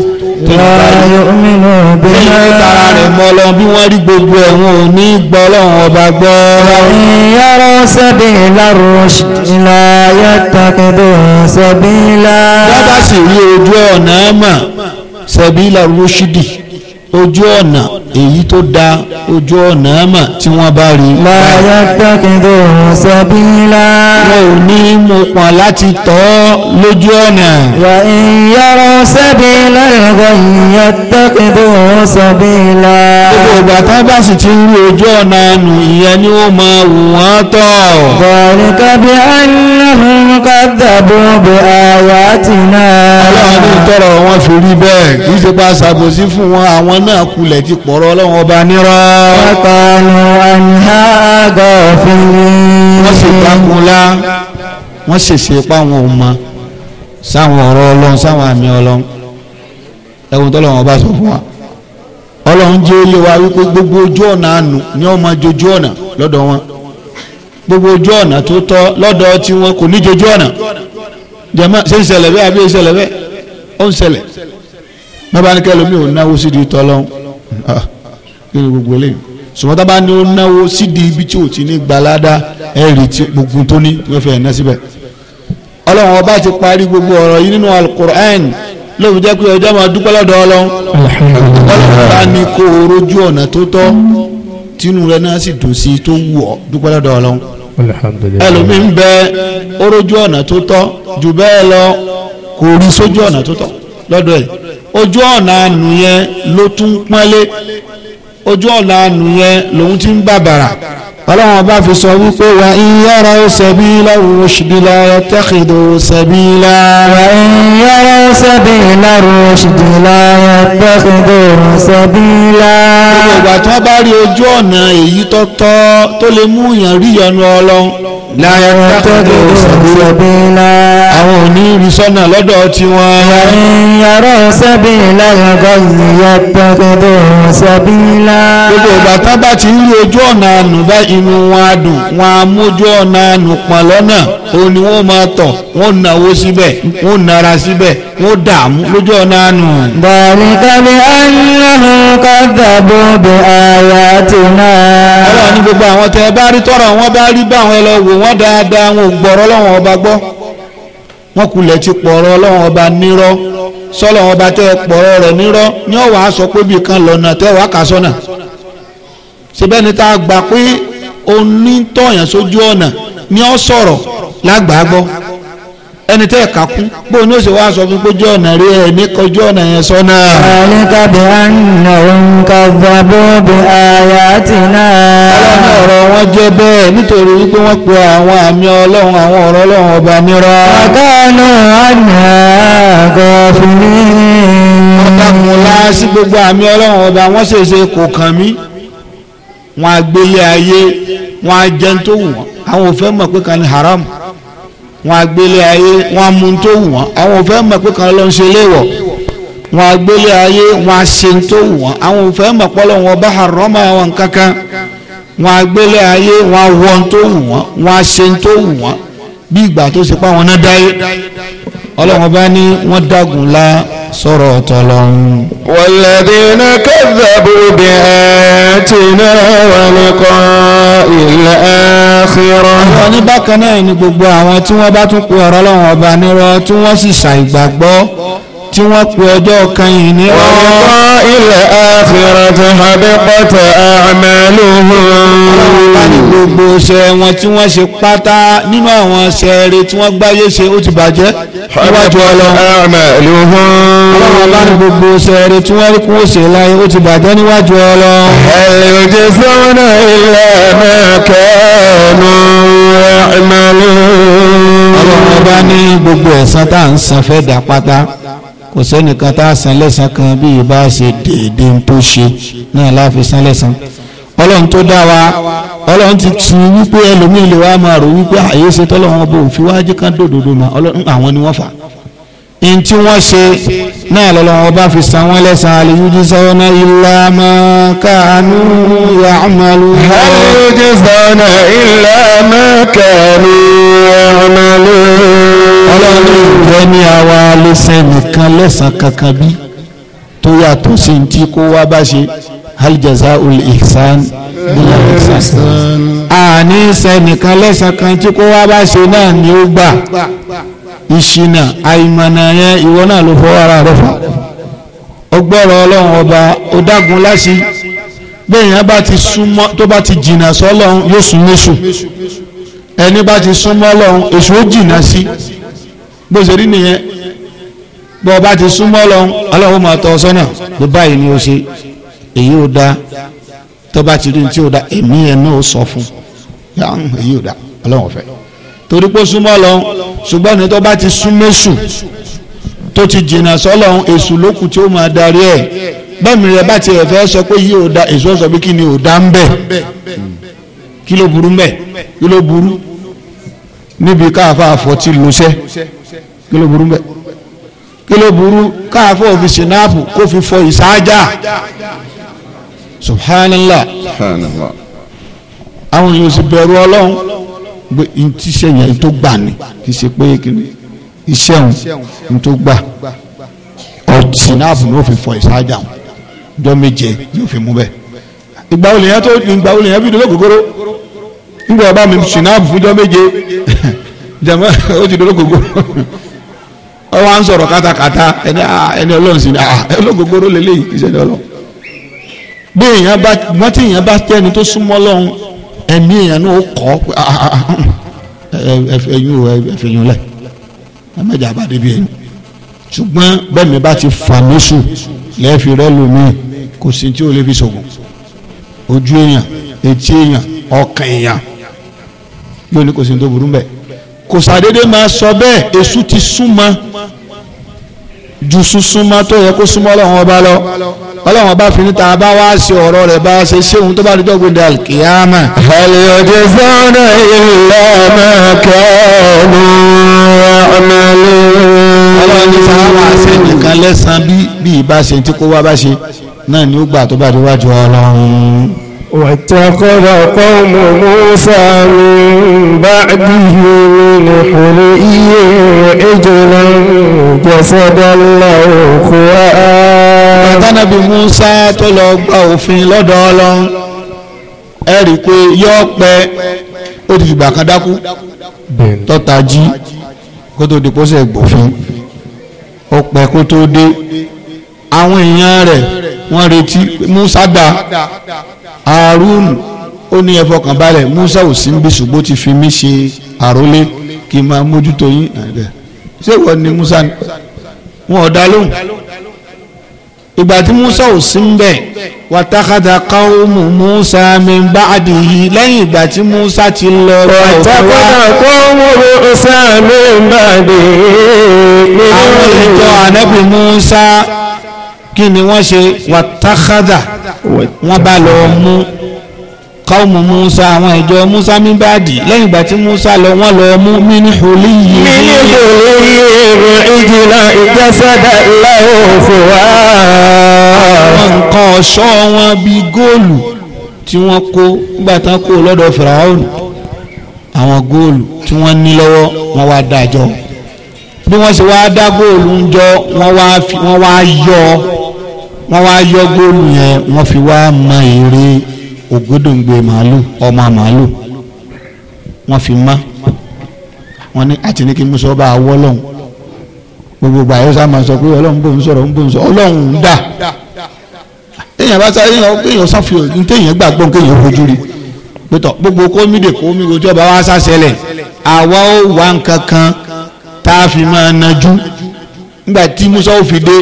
لا يؤمنوا بها tara rẹ̀ mọ́ ọlọ́run bí wọ́n rí gbogbo ẹ̀wọ̀n ò ní gbọ́ ọlọ́run ọba gbọ́. وإيروا سبيل الرشد لا يتخذوا سبيلا. wọ́n bá sì rí ojú ọ̀nà mà sẹ̀bílà rúṣídì ojú ọ̀nà èyí tó da ojú ọ̀nà àmà tí wọ́n bá rí. láyé dákìndó sabila. wọn ò ní mú pọn láti tọ́ lójú ọ̀nà. wà ìyára sẹ́bi lẹ́rọ ìyẹ́tẹ́kẹ̀dọ̀ sẹ́bi la. gbogbo ìgbà tá bá sì ti ń rí ojú ọ̀nà nù ìyẹn ni ó máa wù wọ́n tọ̀. bọ̀ríkà bí aláhùn kádàbò bí àwà ti náà. ọlọ́run ní tọrọ wọn fi rí bẹ́ẹ̀ kì í wọ́n kanu àníhà wọ́n sì dákunlá wọ́n wọn ò mọ sáwọn ọ̀rọ̀ ọlọ́run sáwọn àmì ọlọ́run ẹ̀wọ̀n tọ́lọ̀ wọn bá sọ fún wa ọlọ́run jẹ́ oyè wa wípé gbogbo ojú ọ̀nà àánú ni wọ́n máa jojú ọ̀nà lọ́dọ̀ wọn gbogbo ojú ọ̀nà tó tọ́ lọ́dọ̀ tí wọn kò ní jojú ọ̀nà jẹ́mọ́ ṣé ń ṣẹlẹ̀ bẹ́ẹ̀ àbí ń ṣẹlẹ̀ bẹ́ẹ̀ ó ń ṣẹlẹ̀ bàbá ní kẹlẹ́ mi ò náwó sídìí tọ́lọ́run kí ni gbogbo eléyìí sùmọ́tà bá ní ó náwó ọlọ́run ọba ti parí gbogbo ọ̀rọ̀ yìí nínú alukur'an lóbi jẹ́ pé ọjọ́ máa dúpẹ́ lọ́dọ̀ ọlọ́run ọlọ́run bá ní kó o rojú ọ̀nà tó tọ́ tínú rẹ náà sì dùn sí tó wù ọ́ dúpẹ́ lọ́dọ̀ ọlọ́run ẹlòmíín bẹ ó rojú ọ̀nà tó tọ́ jù bẹ́ẹ̀ lọ kò rí sójú ọ̀nà tó tọ́ lọ́dọ̀ ẹ̀ ojú ọ̀nà ànú yẹn ló tún pọ́nlé ojú ọ̀nà ànú yẹn lòun ti ń bàbàrà ọlọ́run bá fi sọ wípé wa in yaraw sabila rushdi la yattakhidhu sabila. wa in yaraw sabila rushdi la yattakhidhu sabila. gbogbo ìgbà tí wọ́n bá rí ojú ọ̀nà èyí tọ́tọ́ tó lè mú yàn rí yanu ọlọ́run. la yattakhidhu sabila. àwọn ò ní rí sọ́nà lọ́dọ̀ tí wọ́n. yàrá sẹ́bí láyàgọ́ ìyá pẹ́kẹ́tẹ́ sẹ́bí lá. gbogbo ìgbà tán bá ti ń rí ojú ọ̀nà àánú bá inú wọn á dùn wọn á mójú ọ̀nà àánú pọ̀n lọ́nà wọ́n máa tọ̀ wọ́n náwó síbẹ̀ wọ́n nara síbẹ̀ wọ́n dààmú lójú ọ̀nà àánú. gbogbo àwọn tẹ bá rí wọn bá rí bá àwọn wò wọn kulẹ̀ ti pọ̀rọ̀ ọlọ́run ọba nírọ́ sọ́lọ́ ọba tẹ́ pọ̀rọ̀ rẹ̀ nírọ́ ní ọ̀wá sọ pé bí kan lọ́nà tẹ́ wàá kà sọ́nà síbẹ̀ ni tá a gbà pé onítọ̀yàn sójú ọ̀nà ni ó sọ̀rọ̀ lágbàá gbọ́ ẹni tẹ́ ẹ̀ka kú bó ní oṣù wa sọ fún kójú ọ̀nà rí ẹ̀ ní kọjú ọ̀nà yẹn sọ́nà. àlíkà bí a ń òun kà bóbi àyà tì náà. ọlọ́run ọ̀rọ̀ wọn jẹ́ bẹ́ẹ̀ nítorí wípé wọ́n pe àwọn àmì ọlọ́run àwọn ọ̀rọ̀ ọlọ́run ọba nírọ́. àkànnà àná àgọ́ fún mi. wọ́n dákun lá sí gbogbo àmì ọlọ́run ọba wọ́n ṣèṣe kò kàn mí wọ́n àgbélé ayé wọ́n àjẹun tó wù wọ́n àwọn ò mọ̀ pé kan ní haram. haram wọn agbélé ayé wọn amú tó wù wọn àwọn ò fẹ́ mọ̀ pé kan ló ń ṣe léèwọ̀ wọn agbélé ayé wọn aṣe tó wù wọn àwọn ò fẹ́ mọ̀ pé Ọlọ́hun Ọba harọ́mà wọn kankan wọn agbélé ayé wọn awọ tó wù wọn wọn aṣe tó wù wọn bí ìgbà tó ṣe pa wọn náà dáyé Ọlọ́hun Ọba ní wọ́n dágùn la sọ̀rọ̀ tọ̀lọ́hún. wàlẹ́dínà kẹ́sàbù bí ẹ ti náà wà nìkan ilẹ̀ àkírọ̀. àwọn ní bákan náà ni gbogbo àwọn tí wọ́n bá tún pe ọ̀rọ̀ Ọlọ́run ọba nírọ́ tí wọ́n sì ṣàìgbàgbọ́ tí wọ́n pe ọjọ́ kẹyìn ní ọjọ́ ilẹ̀ àfihàn àbẹ́pọ̀tẹ̀ àmẹ́lòhùn ní gbogbo iṣẹ́ wọn tí wọ́n ṣe pátá nínú àwọn ṣẹ́ẹ̀rẹ́ tí wọ́n gbáyé ṣe ó ti bàjẹ́ níwájú ọlọ́run gbogbo ṣẹ́ẹ̀rẹ́ tí wọ́n rí kún òṣè láyé ó ti bàjẹ́ níwájú ọlọ́run ẹ̀yọ̀jẹ̀ sọ́nà ilẹ̀ mẹ́kẹ́ẹ̀nù ẹ̀mẹ́lòhùn ọlọ́run ọba ní gbogbo ẹ̀san tá à ń san fẹ́ dà pátá kò sẹ́nìkan tá san kan bí ìbá ṣe dèédé ń tó ṣe náà láfi san ọlọ́run tó dá wa ọlọ́run ti tu wípé ẹlòmíì lè wá máa rò wípé àyè ṣe tọ́lọ́run òfin dòdòdò mà ọlọ́run àwọn wọ́n fà tí wọ́n ṣe náà lọ́lọ́run ọba fi san wọ́n lẹ́sàn máa kánú máa kánú ọlọ́run ní ìjẹ́ ní àwa lẹ́sẹ̀ nìkan lẹ́sàn kankan bí tó yàtọ̀ sí ti kó wá bá ṣe hal jazaul ihsan bila ihsan àní sẹ́nìkan lẹ́sàn kan tí kó wá bá ṣe náà ni ó gbà ìṣìnà àìmọ̀nà yẹn ìwọ náà ló fọwọ́ ara rẹ̀ fà ọgbọ́rọ̀ ọlọ́run ọba ọdágun láṣì bẹ́ẹ̀yàn bá ti súnmọ́ tó bá ti jìnà sọ́lọ́run yóò sún méṣù ẹni bá ti súnmọ́ ọlọ́run èṣù ó jìnà sí i bó ṣe rí nìyẹn bó o bá ti súnmọ́ lọ́hún ọlọ́run máa tọ́ ọ sọ́nà bó báyìí ni o ṣe èyí ò da tó bá ti rí ní tí ò da èmi yẹn náà ó sọ fún èyí ò da ọlọ́run ọ̀fẹ́ torí pé súnmọ́ lọ́hún ṣùgbọ́n ní tó bá ti súnmọ́ tó ti jìnnà sọ́lọ́hún èṣù lókù tí ó máa darí ẹ̀ bẹ́ẹ̀ni rẹ̀ bá tiẹ̀ fẹ́ sọ pé yìí ò da èṣù ọ̀sọ̀ bí kí ni ò da ń bẹ̀ kí ló burú ń bẹ̀ kí ló burú níbi káàfà àfọ̀tí lóṣẹ́ kí ló burú bẹ́ẹ̀ kí ló burú káàfà òfi sinapu kó fi fọ ìsáájà subhanallah àwọn yóò sì bẹ̀rù ọlọ́run pé n ti ṣe yẹn tó gbà ni kì í ṣe pé iṣẹ́ òun n tó gbà sinapu ni ó fi fọ ìsáájà òun jọ méje ni ó fi mú bẹ́ẹ̀ ìgbà olè yẹn tó ìgbà olè yẹn fi dúró gógóró nígbà bàbá mi sinabu fúnjọ́ méje jama ó ti dúró gbogbo ọwọ́ à ń sọ̀rọ̀ kátàkátà ẹni ẹni ọlọ́run sí gogoro lele lélẹ́yìn ìṣẹ̀lẹ̀ ọlọ́run bí èèyàn bá wọ́n tí èèyàn bá tẹ́ni tó súnmọ́ lọ́hún ẹ̀mí èèyàn náà ó kọ́ ẹ̀fẹ̀yìn o ẹ̀fẹ̀yìn lẹ̀ ẹ̀mẹ́jà bá débi ẹ̀yìn ṣùgbọ́n bẹ́ẹ̀ mi bá ti fà lóṣù lẹ́ẹ̀fì rẹ lómii kò sí tí ó lè fi ṣògùn ojú èèyàn etí èèyàn ọkàn èèyàn yóò ní kò sí ní tó burú mbẹ kò sàdédé máa sọ bẹ́ẹ̀ èṣù ti súnmọ́ ju súnmọ́ tó yẹ kó súnmọ́ ọlọ́run ọba lọ ọlọ́run ọba fi níta bá wá sí ọ̀rọ̀ rẹ̀ bá ṣe ṣé tó bá dúdọ́ gbòdì àkìyàmà. àlè òde sọ́nà ìlà máa kọ́ ọ́nù ọ̀nàlẹ́. ọlọ́run ní sábà ṣe nìkan lẹ́sàn-án bí bí ìbáṣe tí kò wá bá ṣe náà ni ó gbà tó bá déwájú ọlọ́run. واتخذ قوم موسى من بعده من حليهم عجلا جسدا له خواء bàtánàbí Musa tó lọ gba òfin lọ́dọ̀ Ọlọ́run ẹ rí i pé yóò pẹ́ ó ti fìgbà kan dákú tọ́ta jí kó tó di pósẹ̀ gbòfin ó pẹ́ kó tó dé àwọn èèyàn rẹ̀ wọ́n retí Musa dá Harun ó ní ẹ fọkàn balẹ̀ Musa ò sí níbi ṣùgbọ́n ti fi mí ṣe àrólé kí n máa mójútó yín ṣé ìwọ ni Musa wọn ò dá lóhùn ìgbà tí Musa ò sí ń bẹ̀ wàtàkàtà káwọ́mù Musa min ba'dihi lẹ́yìn ìgbà tí Musa ti lọ rọ wàtàkàtà káwọ́mù Musa min ba'dihi. àwọn ìjọ ànábì Musa kí ni wọ́n ṣe wàtákàdà wọ́n bá lọ mú kọ́ọ̀mù musa àwọn ìjọ musa mímbàdì lẹ́yìn ìgbà tí musa lọ wọ́n lọ mú mini holi yìí. mini holi èrò ìjìnlá ìjásádà láwọ òfò wá. àwọn nǹkan ọ̀ṣọ́ wọn bíi góòlù tí wọ́n kó nígbà tán kó lọ́dọ̀ fìràwọ́nù àwọn góòlù tí wọ́n ní lọ́wọ́ wọ́n wá dájọ́ bí wọ́n ṣe wá dá góòlù ń jọ wọ́n wá yọ ọ́ wọ́n wá yọ góòlù yẹn wọ́n fi wá mọ èrè ògódòǹgbè màálù ọmọ màálù wọ́n fi mọ́ wọ́n ní àti ní kí musa bá wọ́ lọ́hùn gbogbo gbà yóò sábà sọ pé ọlọ́run bò ń sọ̀rọ̀ ń bò ń sọ ọlọ́run dà èèyàn bá sá èèyàn èèyàn sáfìọ ní téèyàn gbàgbọ́ kéèyàn fojú rí pétọ gbogbo kómìdè kómìdè ojú ọba wa sàṣẹlẹ̀ àwa ó wà nǹkan kan tá a fi máa najú nígbà tí musa ó fi dé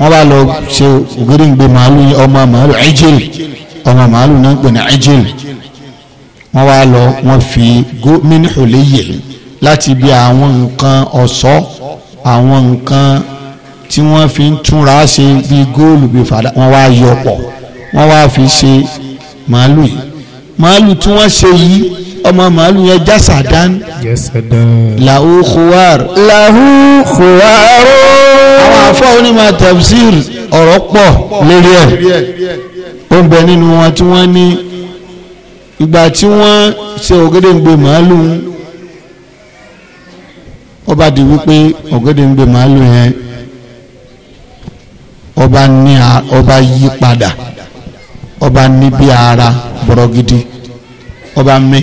wọ́n bá lọ ṣe ògèrèǹgbè màálù ọmọ màálù ẹ̀jẹ̀l ọmọ màálù náà ń pè ní ẹ̀jẹ̀l wọ́n wá lọ wọ́n fi gómìnà òléyè láti bí àwọn nǹkan ọ̀ṣọ́ àwọn nǹkan tí wọ́n fi ń túnra ṣe bí góòlù bí fàdá wọ́n wá yọ pọ̀ wọ́n wá fi ṣe màálù yìí màálù tí wọ́n ṣe yìí ọmọ màálù yẹn jásàdán. jásàdán. làhùn kùwárù. làhùn kùwárù àwọn afọ́ onímọ̀ tafsir ọ̀rọ̀ pọ̀ lórí ẹ̀ ó ń bẹ nínú wọn tí wọ́n ní ìgbà tí wọ́n ṣe ògèdèǹgbè màálù ọba di wípé ògèdèǹgbè màálù yẹn ọba ní ọba yí padà ọba ní bí ara bọ̀rọ̀ gidi ọba mi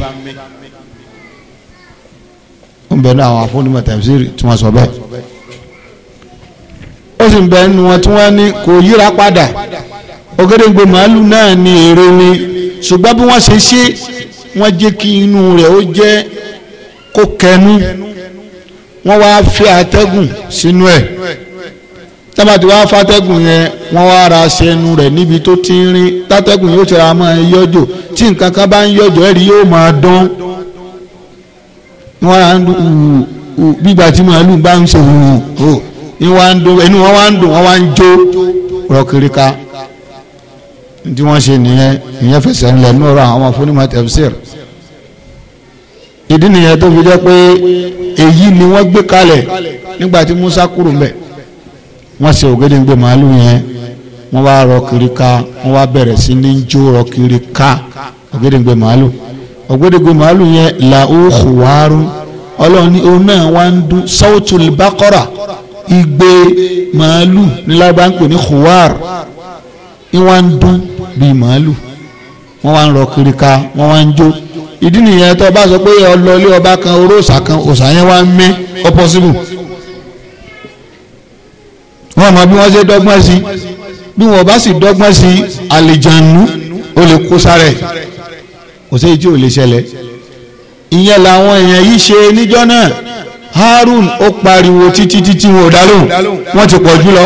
ń bẹ ní àwọn afọ́ onímọ̀ tafsir tí wọ́n sọ bẹ́ẹ̀ ó sì ń bẹ nínú wọn tí wọ́n ní kò yíra padà ògèdèǹgbò màálù náà ni èrè ni ṣùgbọ́n bí wọ́n ṣe ṣe wọ́n jẹ́ kí inú rẹ̀ ó jẹ́ kó kẹnu wọ́n wá fi àtẹ́gùn sínú ẹ̀ tábàtí wàá fàtẹ́gùn yẹn wọ́n wá ra ṣẹnu rẹ̀ níbi tó ti ń rin tátẹ́gùn yóò ti ra máa yọjò tí nǹkan kan bá ń yọjò ẹ̀rí yóò máa dán wọ́n á ń gbígbà tí màálù bá ń ṣe wù ú inú wa ń dùn ẹnu wọn wá ń dùn wọn wá ń jó rọkìríkà tí wọ́n ṣe nìyẹn ìyẹn fẹsẹ̀ ńlẹ̀ nínú àwọn afúnímọ̀ tẹ̀síìr ìdí nìyẹn tó fi jẹ́ pé èyí ni wọ́n gbé kalẹ̀ nígbà tí Musa kúrò mbẹ̀ wọ́n ṣe ògèdèǹgbè màálù yẹn wọ́n wá rọkìríkà wọ́n wá bẹ̀rẹ̀ sí ní jó rọkìríkà ògèdèǹgbè màálù ògèdèǹgbè màálù yẹn làó kùwárù ọlọ́ọ̀ni òun náà wá ń dún sọ́ọ̀tù bákọ́rà igbe màálù nílábà ń pè ní khuwar ìwà ń dún bíi màálù wọ́n wá ń rọ kiri ka wọ́n wá ń jó ìdí nìyẹn tó bá sọ pé ọlọ́lé ọba kan oró òsà kan òsà yẹn wá ń mí ọ pọ́sibù wọ́n mọ bí wọ́n ṣe dọ́gbọ́n sí bí wọ́n bá sì dọ́gbọ́n sí àlejànú ó lè kó sára ẹ̀ kò sí èyí tí ò lè ṣẹlẹ̀ ìyẹn làwọn èèyàn yìí ṣe níjọ́ náà harun ó pariwo títí títí wọn ò dáhùn wọn ti pọ̀ jùlọ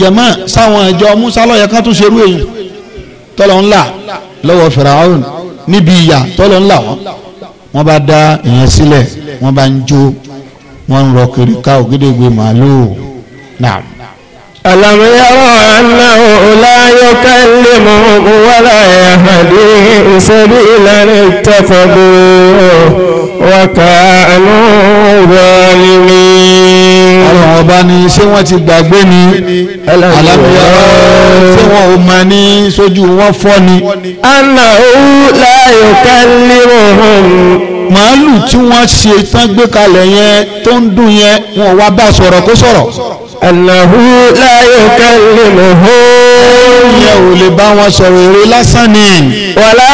jẹ̀mọ́ sáwọn ẹ̀jọ́ musa lọ́yẹ kan tún ṣerú èyí tọ́lọ̀ ńlá lọ́wọ́ fìràhùn níbi ìyà tọ́lọ̀ ńlá wọn wọ́n bá dá ìyẹn sílẹ̀ wọ́n bá ń jó wọ́n ń rọ kiri ká ògédègbè màálù náà. ألم يروا أنه لا يكلمهم ولا يهديهم سبيلا اتخذوه وكانوا ظالمين àwọn ọba ni ṣé wọ́n ti gbàgbé ni alámiyàrá ṣé wọn ò mọ̀ ní sójú wọn fọ́ ni. annahu la yukallimuhum. màálù tí wọ́n ṣe tán gbé kalẹ̀ yẹn tó ń dùn yẹn wọn wá bá sọ̀rọ̀ kó sọ̀rọ̀. Àlàhú لا kẹ́lẹ̀ lọ́hó. Ẹ̀yẹ ò lè bá wọn sọ̀rọ̀ èrè lásán ni. Wàlá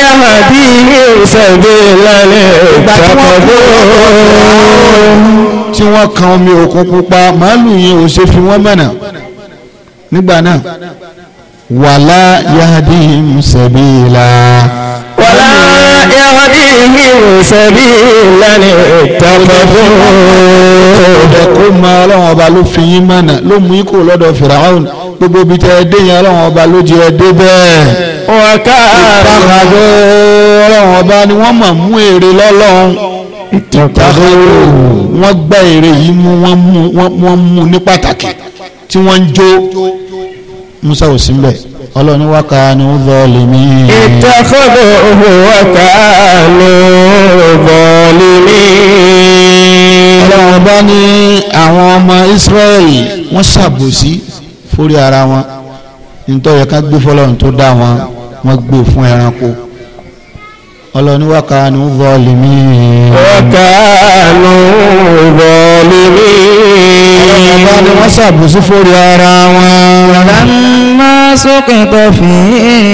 yàrá bí ìṣẹ̀dẹ̀ lálẹ́ ìtàkọ̀dọ̀. Tí wọ́n kan omi òkun pupa, màálù yẹn ò ṣe fi wọ́n mọ̀nà. Nígbà náà, wàlá yàrá bí ìṣẹ̀dẹ̀ wàlá yahdihim sabilan ittaqu. ọ̀dọ̀ kó máa ọlọ́run ọba ló fi yín mọ̀nà ló mú ikú lọ́dọ̀ Fìràhùn gbogbo ibi tẹ́ ẹ dé yẹn ọlọ́run ọba ló jẹ ẹ dé bẹ́ẹ̀. ọ̀ká ìpàkàdé ọlọ́run ọba ni wọ́n mọ̀ mú èrè lọ́lọ́run ìtàkàdé wọ́n gbá èrè yìí mú wọ́n mú ní pàtàkì tí wọ́n ń jó musa ò sí ń bẹ̀ ọlọ́run ní wákà ni ó bọ́ọ̀lì mí. ìtẹ́fọ́dọ̀ òhò wákà ló bọ́ọ̀lì mí. ọlọ́run ọba ní àwọn ọmọ Ísírẹ́lì wọ́n ṣàbòsí fórí ara wọn nítorí ká gbé fọlọ́run tó dá wọn wọ́n gbé fún ẹranko ọlọ́run ní wákà ni ó bọ́ọ̀lì mí. wákà ló bọ́ọ̀lì mí. ọlọ́run ọba ní wọ́n ṣàbòsí fórí ara wọn. ولما سقط في